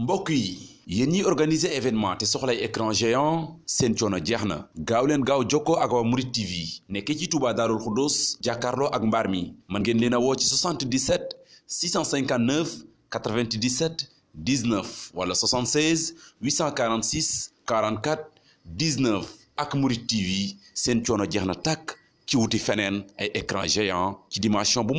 Mbokui, Yeni organise organisé organiser événement te soxlay écran géant sen de jehna na gaw joko ak TV Nekeji ci Touba kudos. Xuddus jakarlo ak mbarmi 77 659 97 19 wala 76 846 44 19 ak Mouride TV sen chono Tak, na ci wuti fenen ay écran géant ci dimension bu